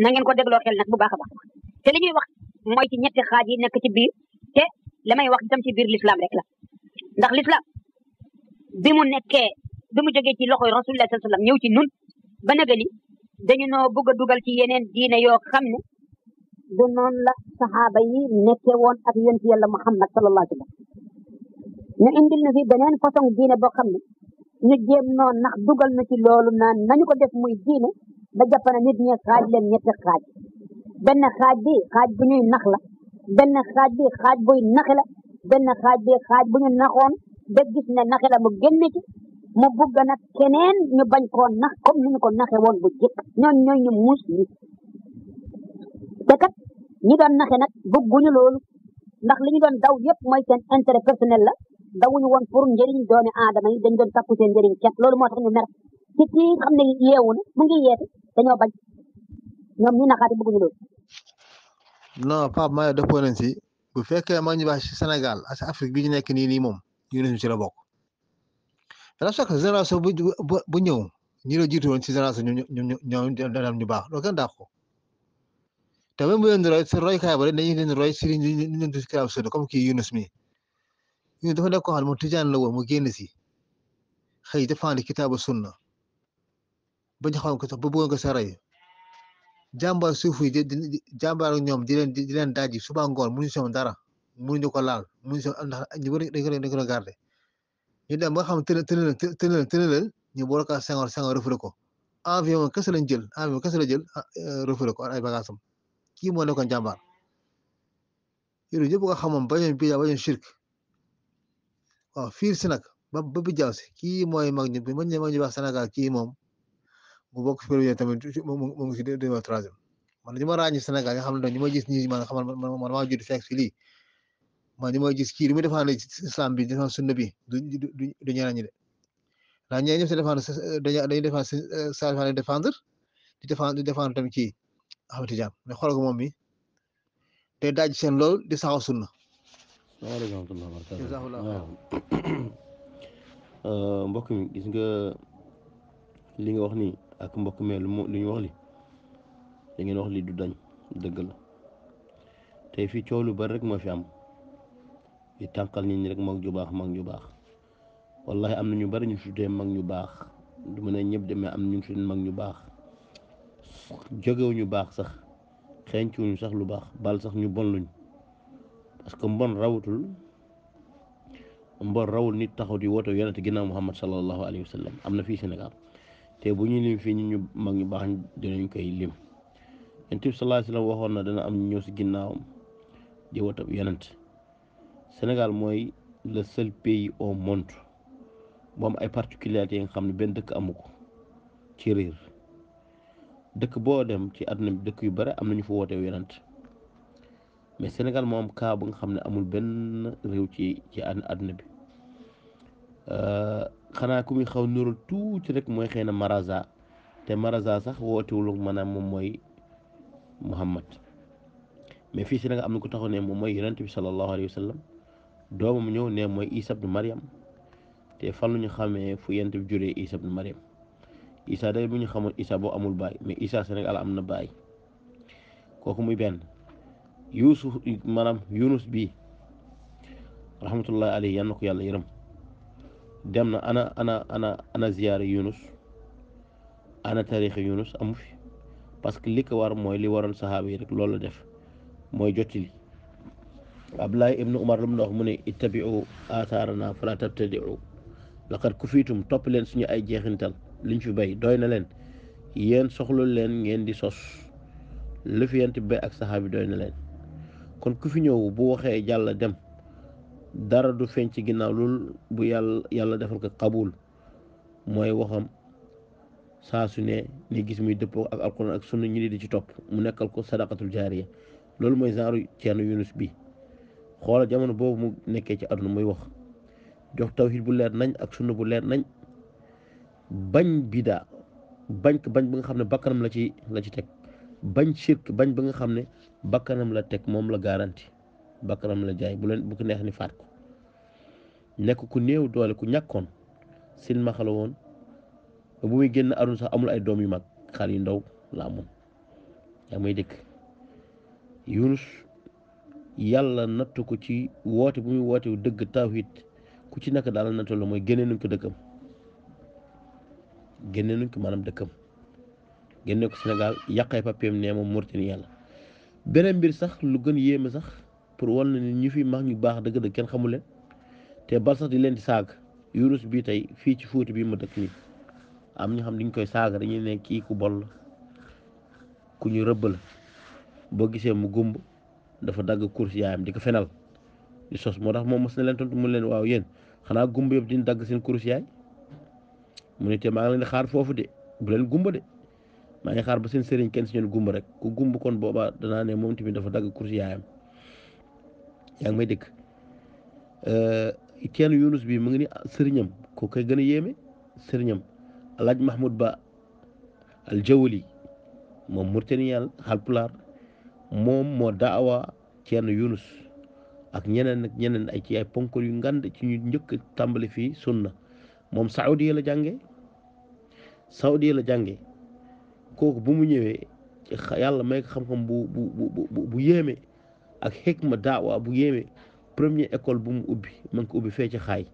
na ngeen ko dégloo xel nag bu baax a baax te li ñuy wax mooy ci ñetti xaaj yi nekk ci biir te li may wax itam ci biir l'islam rek la ndax l'islam bi mu nekkee bi mu jógee ci loxoy rasulullah sallallahu alayhi wasallam ñëw ci nun ba naga li dañu noo bëgg a dugal ci yeneen diine yoo xam ne du noonu la saxaaba yi nekkee woon ak yonent yàlla muhammad sallallahu alayhi wasallam indil na fi beneen façon diine boo xam ne ñu jéem noonu nax dugal na ci loolu naan nañu ko def muy diine ba jàpp na nit ñi xaaj leen ñetti xaaj benn xaaj bi xaaj bu ñuy nax la benn xaaj bi xaaj buy nax la benn xaaj bi xaaj bu ñu naxoon ba gis ne naxe la mu génn ci mu bugg nag keneen ñu bañ koon nax comme ni ñu ko naxe woon bu jëkk ñoon ñooy ñu muus li te ñi doon naxe nag bugguñu loolu ndax li ñu doon daw yëpp mooy seen intérêt personnel la dawuñu woon pour njëriñ doomi aadama yi dañ doon takku seen njëriñ kenn loolu ma tax ñu mer ci kii xam ne yeewu na mu ngi yeete dañoo bañ ñoom ñi naxaate bëgguñu loolu. non Pape Mayo dëppoo nañ si bu fekkee maa ngi baax si Sénégal ak si bi ñu nekk nii nii moom ñu ci la bokk dafa bu bu bu ñëw ñi jiitu woon si génération ñu ñu ñoom danañ ñu baax loolu dàq ko te même bu leen di roy si roykaay ba rek dañuy leen roy si li ñu mi ñu dafa nekk koo xam ne moom tijaan la woon mu génn si xëy dafa andi kitaabu bañ xawoon ko sax ba bëggoon ko sa rey jàmbaar suuf yi ñoom di leen di leen daaj suba ngoon mënuñu dara mënuñu ko laal mënuñu si ndax ñu bëri dañ ko dañ ko garder ñu dem ba xam tën tënal ñu boole ko Senghor Senghor refoulé ko avion lañ jël avion kese la jël ah, euh, refoulé ko ay bagages am kii moo nekkoon jàmbaar yooyu yëpp nga xamoon bañoon bidaa bañoon shirk waaw fiir ba ba bi kii mooy mag ñu mag ñu wax Sénégal kii moom. bu bokk ci premier tamit mu ngi si deux mille troisième man ñu ma ràññi Sénégal nga xam ne ñu ma gis man xamal man man maa judd man ñu ma gis kii li muy défendre islam bi défendre sunna bi du du du ñeneen ñi de ndax ñeneen sa si défendre dañuy défendre saa di défendre di défendre di défendre tamit kii Ahmed Tidiane mais xoolal moom mi day daaj seen lool di saxaw sunna. waaleykum salaam euh, mbokk mi gis nga li nga ak mbokk mi lu lu ñu wax li da wax li du dañ dëgg la tey fii coow lu bari rek moo fi am di tànqal nit ñi rek mag ju baax mag ñu baax wallahi am na ñu bari ñu tuddee mag ñu baax du ma ne ñëpp demee am ñu tuddee mag ñu baax jógewu ñu baax sax xeeñcuwuñu sax lu baax bal sax ñu bon luñ parce que mbon rawatul mbon rawul nit taxaw di woote yonent ginnaaw Muhammad sallallahu alayhi wa sallam am na fii Sénégal te bu ñu lim fii ñu ñu mag ñu baax dinañ koy lim yonent bi sallallahu alayhi waxoon na dana am ñu ñëw si ginnaawam di watab yonent senegal mooy le seul pays au monde ay particularités yi nga xam ne benn dëkk amu ko ci réer dëkk boo dem ci àdduna bi dëkk yu bare am nañu fa woote mais Sénégal moo kaa bu nga xam ne amul benn réew ci ci àdduna bi Euh, xanaa ku muy xaw nurul tuuti rek mooy xëy na maraza te maraza sax wootewul maanaam moom mooy muhammad mais fii Sénégal am na ko taxaw ne moom mooy yonent bi sallallahu alayhi wa sallam doomam ñëw ne mooy isa bnu mariam te fan lu ñu xamee fu yonent bi juree isa bnu mariam isa day bu ñu xamoon isa boo amul baay mais isa Sénégal am na baay kooku muy benn yuusuf maanaam yunus bii rahmatullahi alayhi yal na ko yàlla yërëm dem na ana ana ana ana ziyaare Yunus ana taarixi Yunus amu fi parce que li ko war mooy li waroon saxaaba yi rek loolu la def mooy jottili Abdulaahi ibnu Umar ndox mu wax mu ne ittabiu aathaarana fala tabtadiu laqad kufiitum topp leen suñu ay jeexintal liñ fi bay doy na leen yéen soxlu leen ngeen di sos lu fi yent bay ak saxaabi doy na leen kon ku fi ñëw bu waxee jàll dem dara du feeñ ci ginnaaw loolu bu yàlla yàlla defal ko qabul mooy waxam saa su ne ni gis muy dëppoo ak alquran ak sunna ñu di ci topp mu nekkal ko sadaqatul jaariya loolu mooy genre Ceerno Yunus bi xoola jamono boobu mu nekkee ci àdduna muy wax jox tawhid bu leer nañ ak sunna bu leer nañ bañ bidaa bañ bañ ba nga xam ne bakkanam la ci la ci teg bañ shirk bañ ba nga xam ne bakkanam la teg moom la garanti bakkanam la jaay bu leen bu ko neex ni faat ko nekk ku néew doole ku ñàkkoon silmaxa woon bu muy génn arun sax amul ay doom yu mag xal yu ndaw la amoon yaa may dëkk yunus yàlla nattu ko ci woote bu muy woote dëgg tawhid ku ci nekk daal nattu la mooy génnee nuñ ko dëkkam génne nuñ ko maanaam dëkkam génne ko senegal yàqee papiam nee moom Mauritanie yàlla beneen mbir sax lu gën yéeme sax pour wan la ni ñu fi mag ñu baax dëgg dëgg kenn xamu leen te bal di leen di saag yurus bi tey fii ci Fuuta bi ma dëkk nii am ñu xam diñ koy saaga dañuy ne kii ku bol la ku ñu rëbël boo gisee mu gumb dafa dagg course yaayam di ko fenal di moo tax moom mos na leen tontu leen waaw yéen xanaa gumb yëpp diñ dagg seen course yaay mu ne te maa ngi leen di xaar foofu de bu leen gumba de maa ngi xaar ba seen sëriñ kenn si ñoom gumb rek ku gumb kon boobaa danaa ne moom tamit dafa dagg course yaayam yaa ngi may dégg kenn euh, Yunus bi mu ngi ni sëriñam ko koy gën a yéeme sëriñam alaaj Mahmoud Ba aljawli moom Mauritanial Haalpulaar moom moo daawa kenn Yunus ak ñeneen ak ñeneen ay ci ay yu ngand ci ñu njëkk tàmbali fii sunna moom saudi la jànge saudi la jànge kooku bu mu ñëwee yàlla may ko xam-xam bu bu yéeme ak xikma daawa bu yéeme première école bu mu ubbi man ko ubbi fee ci xaay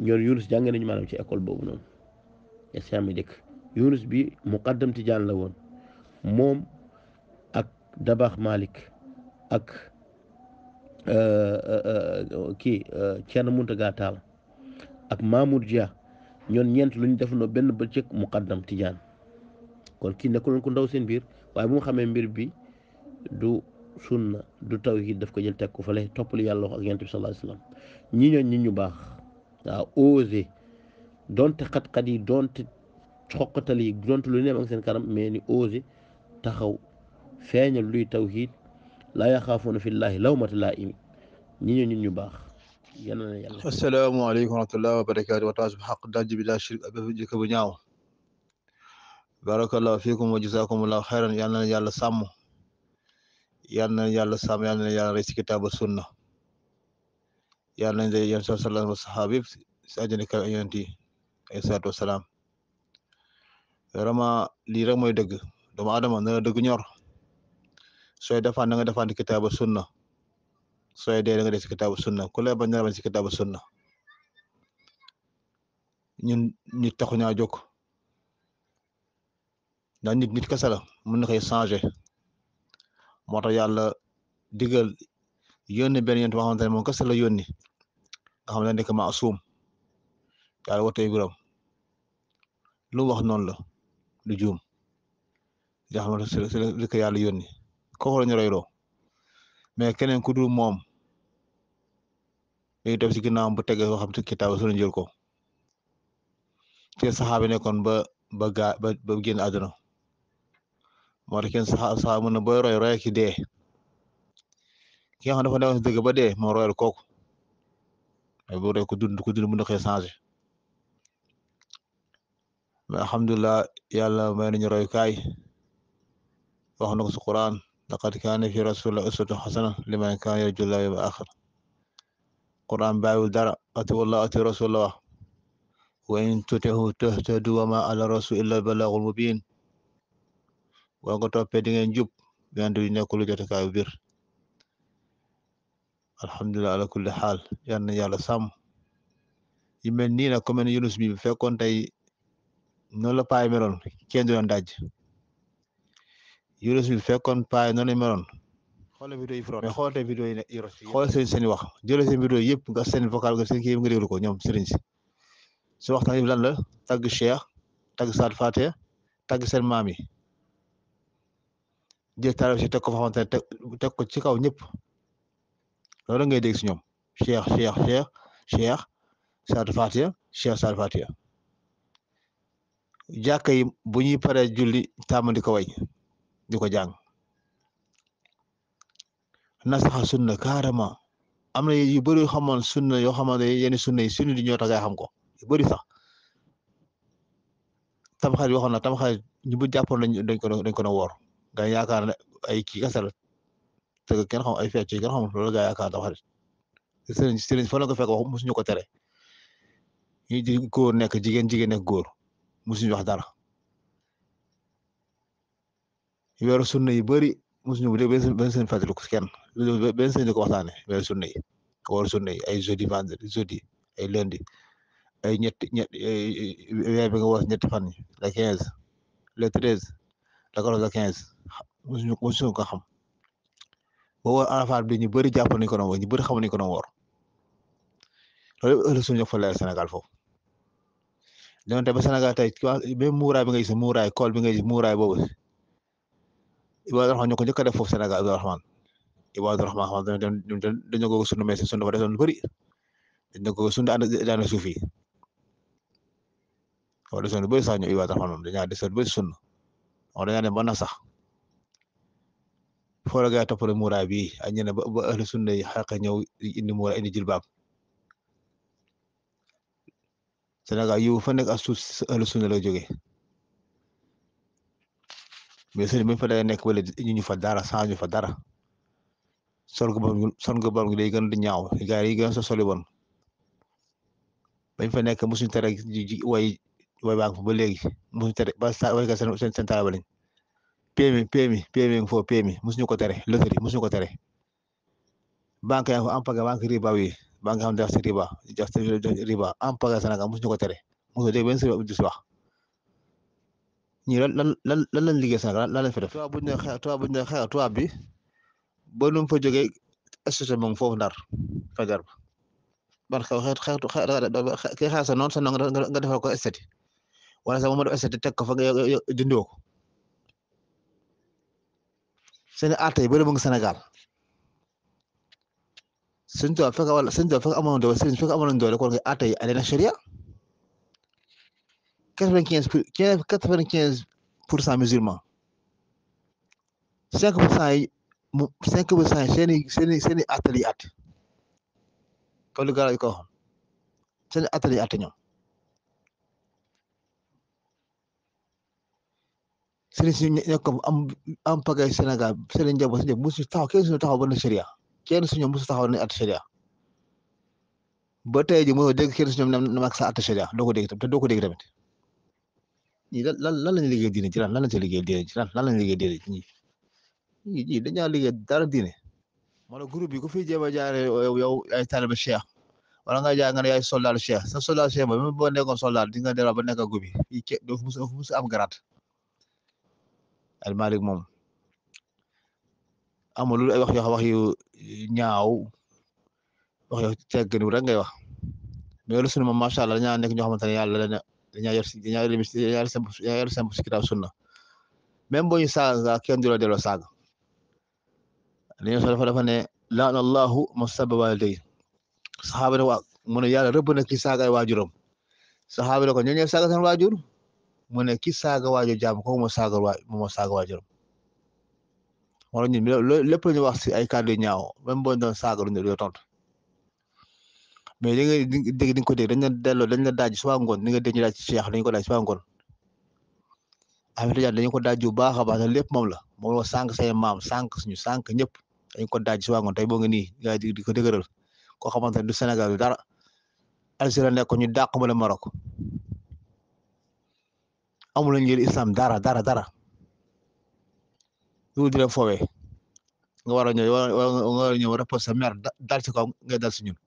ñoon Yunus jàngee nañu maanaam ci école boobu noonu islam yi dëkk Yunus bi muqaddam tijaan la woon moom ak Dabax Malik ak euh, euh, euh, kii Thierno Mountaga Tall ak Mamour Dia ñoon ñeent lu ñu defandoo benn bëccëg muqaddam tijaan kon kii nekkul ku ndaw seen biir waaye bu mu xamee mbir bi sunna du tawhid daf ko jël teg ko fale toppali yàlla wax ak yonent bi sallallahu alayhi wasallam ñi ñooñ ñu baax waaw oser donte xat yi donte xoqatal donte lu neem ak seen kanam mais ni oser taxaw feeñal luy tawhid laa yaxaafuuna fillaahi lawmata law ñi ñooñ nit ñu baax yal na yàlla asalaamaaleykum wa rahmatullahi wa barakaatu wa taasub laa shirk ak jikko bu ñaaw barakallahu fiikum yal na yàlla sàmm yal na yàlla sàmm yal na yàlla rey si kitaaba sunna yal nañ day yéen sallallahu wa saxaaba yëpp si àjjana kër yonent yi ay salaatu wasalaam vraiment lii rek mooy dëgg doomu aadama na la dëgg ñor sooy defaan na nga defaan si kitaaba na sooy dee da nga dee si kitaaba sunna ku lay bañ na la bañ si kitaaba sunna ñun nit taxu ñaa jóg ndax nit nit kese la mën na koy changer moo tax yàlla digal yónni benn yonent boo xamante ne moom kese la yónni nga xam ne nekk maasuum yàlla watee biram wax noonu la lu juum nga xam ne si ko yàlla yónni kooku la ñu mais keneen ku dul moom léegi tam si ginnaawam bu tegee soo xam ne kitaab su ñu jël ko te saxaabi nekkoon ba ba gaa ba moo tax kenn sax sax mën roy roy ki dee ki nga xam dafa nekk dëgg ba dee moo royal kooku waaye boo roy ko na koy changé mais alhamdulilah yàlla may nañu roy kaay wax na ko si Quran laqad kaana fi rasulillah uswatun xasana liman kaana yarju llaaha wal yawmal Quran bàyyiwul dara ati wallah ati rasulillah wax wa in tutihu tahtadu wa ma ala rasul illa balaagul mubin boo ko toppee di ngeen jub yonent bi nekkul jotekaayu biir alhamdulilah ala kulli xaal yal na yàlla sàmm yu mel nii nag comme Yunus bi bu fekkoon tey noonu la paay meloon ke du leen daj Yunus bi bu fekkoon paay noonu la meloon xoolal vidéo yi mais xoolal tey yi ne xoolal seen seen wax jëlee seen vidéo yëpp nga seen vocal nga seen kii yëpp nga déglu ko ñoom sëriñ si su waxtaan yi lan la tagg Cheikh tagg Saad Fatia tagg seen maam yi jël taal si teg ko fa xamante ne teg ko ci kaw ñëpp loolu ngay dégg si ñoom cheikh cheikh cheikh cheikh saatu fatiya cheikh yi bu ñuy paree julli tàmm ko way di ko jàng na saxa sunna carrément am na yu bëri yu xamoon sunna yoo xamante ne yenn sunna yi sunni di ñoo tax xam ko yu bëri sax tamxarit waxoon na tamxarit ñu bu jàppoon dañ ko dañ ko na woor gaa yaakaar ne ay kii kese la te kenn xam ay fecc kenn xamul loolu gaa yaakaar dafa xarit sëriñ sëriñ fa la ko fekk wax musuñu ko tere ñu di nekk jigéen jigéen góor musuñu wax dara weeru sunna yi bëri musuñu bu dee benn seen fàttaliku kenn benn seen waxtaane weeru sunna yi weeru sunna yi ay jeudi vendredi jeudi ay lundi ay ñetti ñetti weer bi nga woos ñetti fan yi la quinze le treize la quatorze la quinze mosuñu mosuñu ko xam ba woor Arafat bi ñu bëri jàpp nañu ko doon woor ñu bëri xamu nañu ko doon woor loolu yëpp ëllëg suñu ñëw fa leer Sénégal foofu donte ba Sénégal tey même muuraay bi nga gis muuraay kool bi nga gis muuraay boobu Ibaadu Rahmaan ñu ko njëkk a def foofu Sénégal Ibaadu Rahmaan Ibaadu Rahmaan xam nga dañoo ko sunu mais sunu dafa desoon lu bëri dañoo ko sunu daana suuf yi wala desoon lu bëri sax ñu Ibaadu Rahmaan moom dañaa desoon lu bëri sunu wax dañaa dem ba na sax. folaga toppale muura bi a ñene ba ba ahlu sunna ñëw indi muura indi jilbaab Sénégal yiw fa nekk ak suuf ahlu sunna la jóge mais sëriñ bañ fa day nekk wala ñu fa dara saa ñu fa dara sol gu bam sol gu bam gi day gën di ñaaw gaar yi gën bañ fa nekk musuñu tere way way baa ba léegi musuñu tere ba sa way ka seen seen taabal lañ PMI PMI PMI ngi foofu PMI mosuñu ko tere loterie mosuñu ko tere banque yaa ngi foofu en pagaie banque riba yi banque xam ne def si riba ko tere mosoo dégg benn sëriñ di si wax ñii lan lan lan lan lañ liggéey Sénégal lan lañ fa def. tubaab bu ñu nee xeex tubaab bu ñu bi ba nu mu fa jógee moom foofu ndar fajar ba ban xew xeetu xeetu xeetu xeetu sa noonu sa noonu nga defal ko estati wala sax moom ma def estati teg ko fa nga dindoo ko. seen atte yi bëri mu ngi Sénégal sëñ Tuubaa fekk wala sëñ Tuubaa fekk doole sëñ fekk amoon doole kon nga atte yi allé vingt quinze pour quatre-vingt-quinze pour cent musulmans cinq pour cent cinq pour cent yi seen i seen i seen i atte yi atte comme sëriñ si nekk am am pagay Sénégal sëriñ njaboot si musu taxaw kenn suñu taxaw ba ne sharia kenn suñu musu taxaw ne at sharia ba tey moo dégg kenn suñu na mag sa at sharia doo ko dégg tamit te doo ko dégg tamit ñi lan la lan lañu liggéey diine ci lan la lañu ci liggéey diine ci lan lan lañu liggéey diine ci ñi ñi dañaa liggéey dara diine wala groupe bi ku fi jéem a jaare yow ay taalibe cheikh wala nga jaar nga ne yaay soldat cheikh sa soldat cheikh ba même boo nekkoon soldat di nga ba nekk gubi mus am garaat almalik moom amulul ay wax yoo wax yu ñaaw wax yu tegginu rek ngay wax mais loolu sunu moom macha allah dañaa nekk ñoo xamante ne yàlla dañaa dañaa yor si dañaa yor semp dañaa yor semp si kitaab sunna même boo ñu saaga kenn du la delloo saaga li ñu dafa dafa ne laana allahu man sabba waalidayhi saxaaba ne waa mu rëbb na ki saagaay waajuram saxaaba ne ko ñoo saaga seen mu ne ki saaga waajo jàmm kooku moo saaga waa moo saaga waajuram wala ñun lépp lu ñu wax si ay kàddu yu ñaaw même boo doon saaga lu ñu doon tontu mais li nga dégg di nga ko dégg dañ la delloo dañ la daaj suba ngoon ni nga dégg ñu daaj ci Cheikh dañ ko daaj suba ngoon Ahmed Tidiane dañu ko daaj bu baax a baax lépp moom la moom sànq say maam sànq suñu sànq ñëpp dañ ko daaj suba ngoon tey boo nga nii gaa di ko dëgëral koo xamante ne du Sénégal du dara Algérie nekk ko ñu dàq ma la Maroc amul njëriñ islam dara dara dara loolu di la foowee nga war a ñëw nga war a ñëw rapport sa dal ci kaw ngay dal si ñun